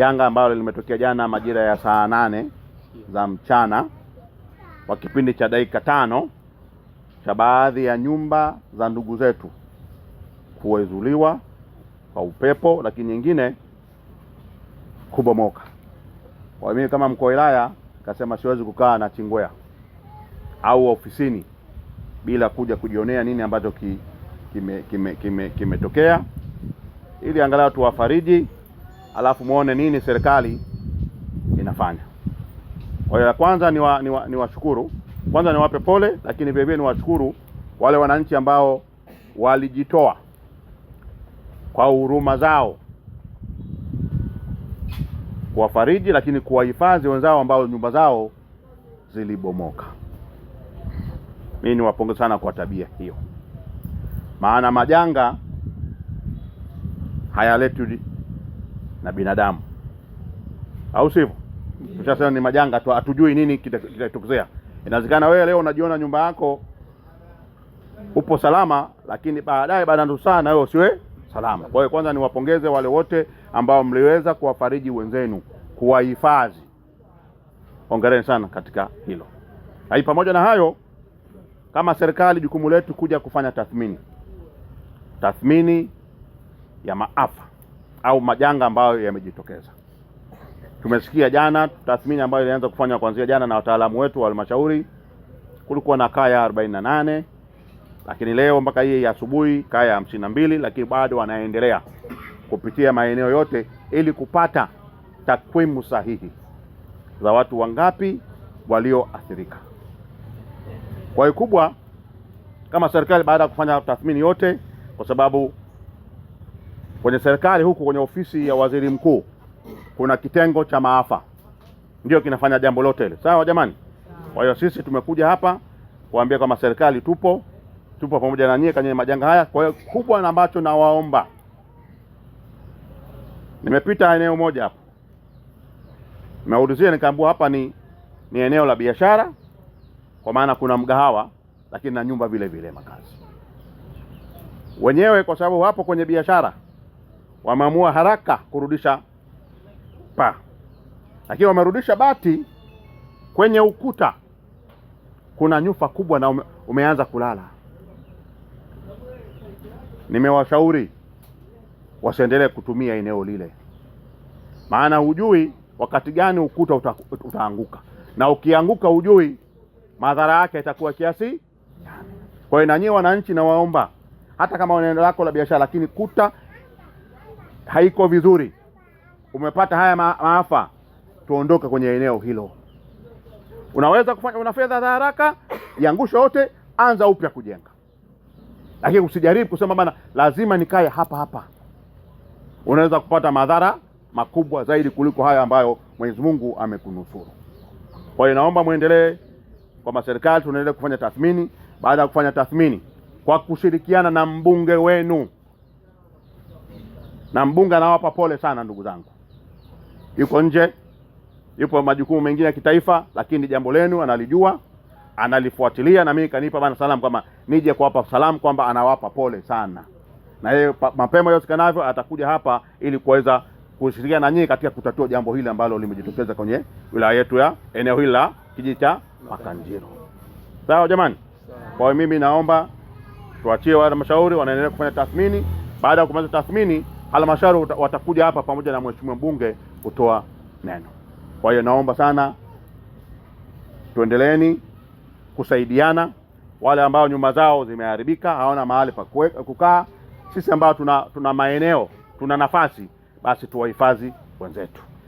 Janga ambalo limetokea jana majira ya saa nane za mchana kwa kipindi cha dakika tano cha baadhi ya nyumba za ndugu zetu kuezuliwa kwa upepo, lakini nyingine kubomoka. Kwa mimi kama mkuu wa wilaya nikasema siwezi kukaa na Chingwea au ofisini bila kuja kujionea nini ambacho kimetokea kime, kime, kime ili angalau tuwafariji alafu muone nini serikali inafanya. Kwa hiyo ya kwanza ni wa, ni, wa, ni washukuru kwanza, niwape pole, lakini vile vile niwashukuru wale wananchi ambao walijitoa kwa huruma zao kuwafariji, lakini kuwahifadhi wenzao ambao nyumba zao zilibomoka. Mimi niwapongeza sana kwa tabia hiyo, maana majanga hayaletwi na binadamu, au sivyo? Tushasema ni majanga tu, hatujui nini kitatokezea. Inawezekana wewe leo unajiona nyumba yako upo salama, lakini baadaye baada na wewe usiwe salama. Kwa hiyo kwanza niwapongeze wale wote ambao mliweza kuwafariji wenzenu, kuwahifadhi. Hongereni sana katika hilo. Hai, pamoja na hayo, kama serikali, jukumu letu kuja kufanya tathmini, tathmini ya maafa au majanga ambayo yamejitokeza. Tumesikia jana tathmini ambayo ilianza kufanywa kuanzia jana na wataalamu wetu wa halmashauri, kulikuwa na kaya 48 lakini leo mpaka hii asubuhi kaya hamsini na mbili, lakini bado wanaendelea kupitia maeneo yote ili kupata takwimu sahihi za watu wangapi walioathirika. Kwa hiyo kubwa kama serikali, baada ya kufanya tathmini yote, kwa sababu Kwenye serikali huku kwenye ofisi ya waziri mkuu kuna kitengo cha maafa, ndio kinafanya jambo lote ile. Sawa jamani? Kwa hiyo sisi tumekuja hapa kuambia kwamba serikali tupo, tupo pamoja na nyie kwenye majanga haya. Kwa hiyo kubwa na ambacho nawaomba, nimepita eneo moja hapa, nimeulizia nikaambiwa hapa ni ni eneo la biashara, kwa maana kuna mgahawa lakini na nyumba vile vile makazi wenyewe, kwa sababu hapo kwenye biashara wameamua haraka kurudisha pa lakini wamerudisha bati kwenye ukuta. Kuna nyufa kubwa na umeanza kulala. Nimewashauri wasiendelee kutumia eneo lile, maana hujui wakati gani ukuta uta, utaanguka na ukianguka hujui madhara yake itakuwa kiasi. Kwa hiyo na wananchi, nawaomba hata kama eneo lako la biashara, lakini kuta haiko vizuri, umepata haya maafa, tuondoke kwenye eneo hilo. Unaweza kufanya, una fedha za haraka, yangusha yote, anza upya kujenga, lakini usijaribu kusema bana, lazima nikae hapa hapa. Unaweza kupata madhara makubwa zaidi kuliko haya ambayo Mwenyezi Mungu amekunusuru. Kwa hiyo naomba mwendelee kwamba serikali tunaendelea kufanya tathmini. Baada ya kufanya tathmini kwa kushirikiana na mbunge wenu na mbunge anawapa pole sana ndugu zangu, yuko nje, yupo majukumu mengine ya kitaifa, lakini jambo lenu analijua, analifuatilia, na mimi kanipa bana salamu kwamba nije kuwapa salamu kwamba anawapa pole sana, na yeye mapema yosekanavyo atakuja hapa ili kuweza kushirikiana na nyinyi katika kutatua jambo hili ambalo limejitokeza kwenye wilaya yetu ya eneo hili la kijiji cha Makanjiro. Sawa jamani, kwa hiyo mimi naomba tuachie halmashauri wanaendelea kufanya tathmini. Baada ya kumaliza tathmini halmashauri watakuja hapa pamoja na mheshimiwa mbunge kutoa neno. Kwa hiyo naomba sana tuendeleeni kusaidiana. Wale ambao nyumba zao zimeharibika hawana mahali pa kukaa, sisi ambao tuna, tuna maeneo tuna nafasi, basi tuwahifadhi wenzetu.